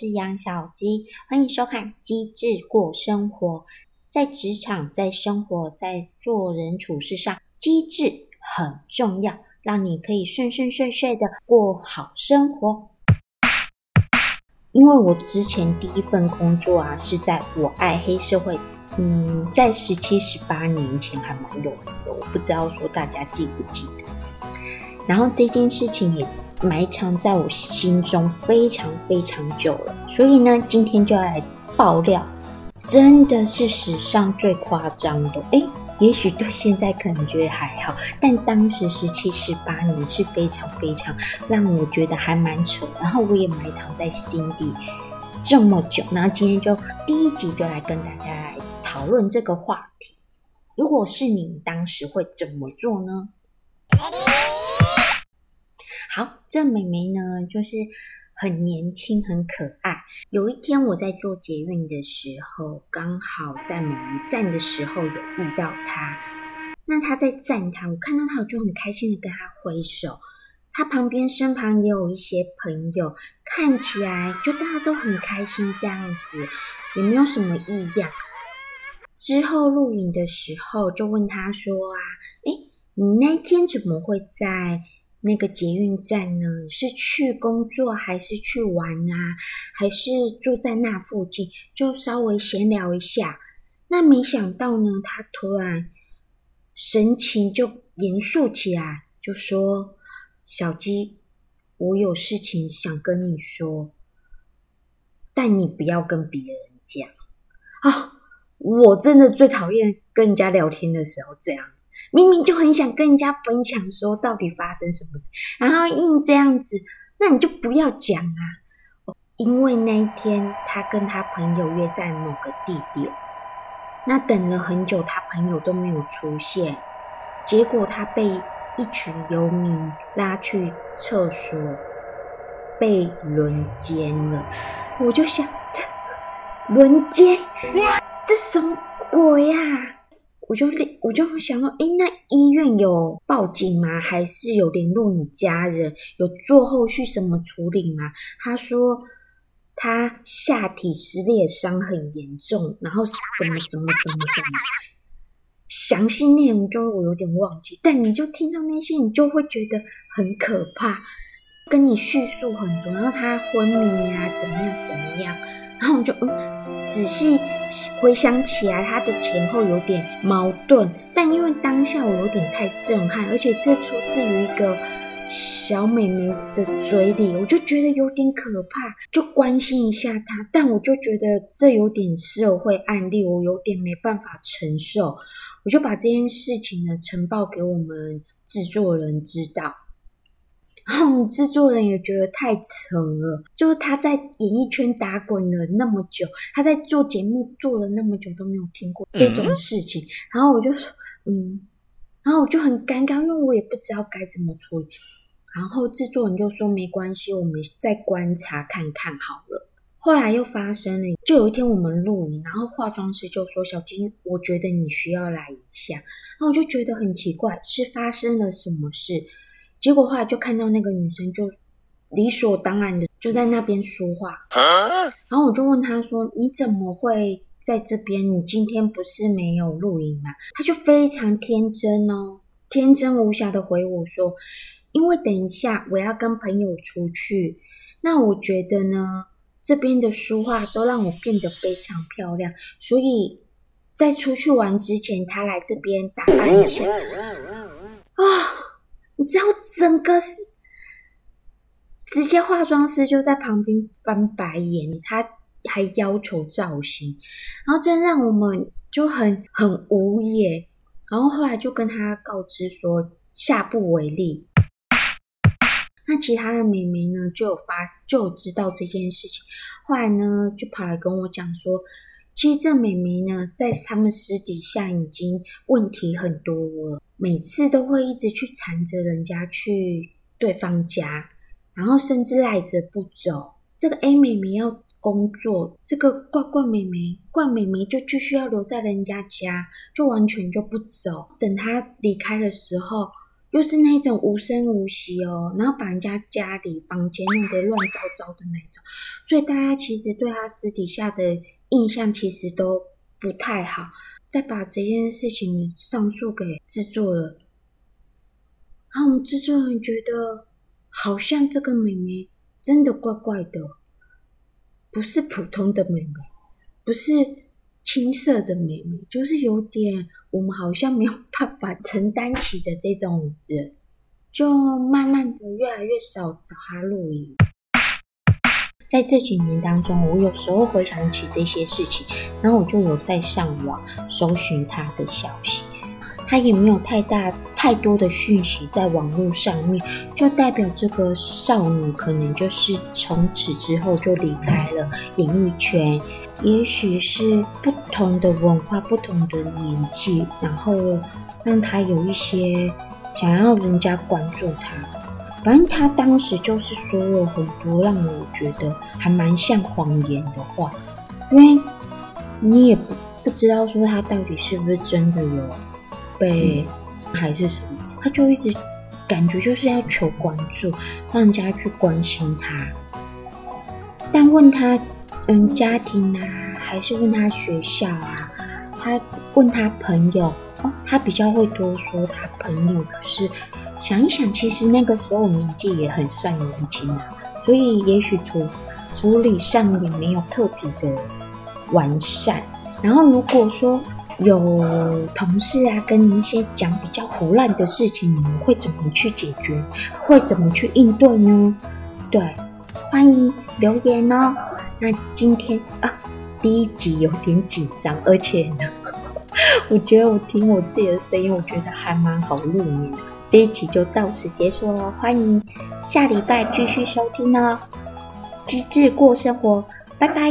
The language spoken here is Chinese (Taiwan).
是養小雞，歡迎收看《機智過生活》。在職場，在生活，在做人處事上，機智很重要，讓你可以順順遂遂的過好生活。因為我之前第一份工作啊，是在我愛黑澀會。嗯，在十七十八年前還蠻有名的，我不知道說大家記不記得。然後這件事情也，埋藏在我心中非常非常久了，所以呢，今天就要來爆料，真的是史上最誇張的。誒，也許對現在感覺還好，但當時十七十八年是非常非常讓我覺得還蠻扯。然後我也埋藏在心底這麼久，那今天就第一集就來跟大家來討論這個話題。如果是你，當時會怎麼做呢？好，這美眉呢，就是很年輕、很可愛。有一天我在做捷運的時候，剛好在某一站的時候有遇到她。那她在站台，我看到她，我就很開心的跟她揮手。她旁邊身旁也有一些朋友，看起來就大家都很開心這樣子，也沒有什麼異樣。之後錄影的時候就問她說：“啊，誒，你那天怎麼會在？”那個捷運站呢？是去工作還是去玩啊？還是住在那附近？就稍微閒聊一下。那沒想到呢，他突然神情就嚴肅起來，就說：“小雞，我有事情想跟你說，但你不要跟別人講。”啊、哦，我真的最討厭跟人家聊天的時候這樣。明明就很想跟人家分享，說到底發生什麼事，然後硬這樣子，那你就不要講啊、哦！因為那一天他跟他朋友約在某個地點，那等了很久，他朋友都沒有出現，結果他被一群遊民拉去廁所，被輪姦了。我就想，這、輪姦，這、是、什麼鬼呀、啊？我就，我就想到，哎，那醫院有報警嗎？還是有聯絡你家人？有做後續什麼處理嗎？他說他下體撕裂傷很嚴重，然後什麼什麼什麼什麼，詳細內容就我有點忘記，但你就聽到那些，你就會覺得很可怕。跟你敘述很多，然後他昏迷呀、啊，怎麼樣怎麼樣。然後我就嗯，仔細回想起來，他的前後有點矛盾。但因為當下我有點太震撼，而且這出自於一個小美眉的嘴裡，我就覺得有點可怕。就關心一下她，但我就覺得這有點社會案例，我有點沒辦法承受。我就把這件事情呢，呈報給我們制作人知道。然後製作人也覺得太扯了，就是他在演藝圈打滾了那麼久，他在做節目做了那麼久都沒有聽過這種事情。嗯、然後我就說，嗯，然後我就很尷尬，因為我也不知道該怎麼處理。然後製作人就說沒關係，我們再觀察看看好了。後來又發生了，就有一天我們錄影，然後化妝師就說：“ 小金，我覺得你需要來一下。”然後我就覺得很奇怪，是發生了什麼事？結果後來就看到那個女生，就理所當然的就在那邊梳化，然後我就問她說：“你怎麼會在這邊？你今天不是沒有錄影嗎、啊？”她就非常天真哦，天真無瑕的回我說：“因為等一下我要跟朋友出去，那我覺得呢，這邊的梳化都讓我變得非常漂亮，所以在出去玩之前，她來這邊打扮一下啊。”然後整個是，直接化妝師就在旁邊翻白眼，他還要求造型，然後真讓我們就很很無語。然後後來就跟他告知說下不為例。那其他的美眉呢，就有發就有知道這件事情，後來呢就跑來跟我講說，其實這美眉呢，在他們私底下已經問題很多了。每次都會一直去纏着人家去對方家，然後甚至賴着不走。這個 A 美眉要工作，這個怪怪美眉怪美眉就繼續要留在人家家，就完全就不走。等她離開的時候，又是那種無聲無息哦，然後把人家家裡房間弄得亂糟糟的那種。所以大家其實對她私底下的印象其實都不太好。再把這件事情上訴給製作了，然後我們製作人覺得好像這個美眉真的怪怪的，不是普通的美眉，不是青澀的美眉，就是有點我們好像沒有辦法承擔起的這種人，就慢慢的越來越少找她錄影。在這幾年當中，我有時候回想起這些事情，然後我就有在上網搜尋她的消息。她也沒有太大太多的訊息在網絡上面，就代表這個少女可能就是從此之後就離開了演藝圈，也許是不同的文化、不同的年紀，然後讓她有一些想要人家關注她。反正他當時就是說了很多讓我覺得還蠻像謊言的話，因為你也不不知道說他到底是不是真的有被、嗯、還是什麼，他就一直感覺就是要求關注，讓人家去關心他。但問他嗯家庭啊，還是問他學校啊，他問他朋友、哦、他比較會多說他朋友就是。想一想，其實那個時候年紀也很算年輕啦、啊，所以也許處處理上也沒有特別的完善。然後如果說有同事啊跟你一些講比較胡亂的事情，你們會怎麼去解決？會怎麼去應對呢？對，歡迎留言哦。那今天啊，第一集有點緊張，而且呢，呵呵，我覺得我聽我自己的聲音，我覺得還蠻好錄音這一期就到此結束了，歡迎下禮拜繼續收聽哦。機智過生活，拜拜。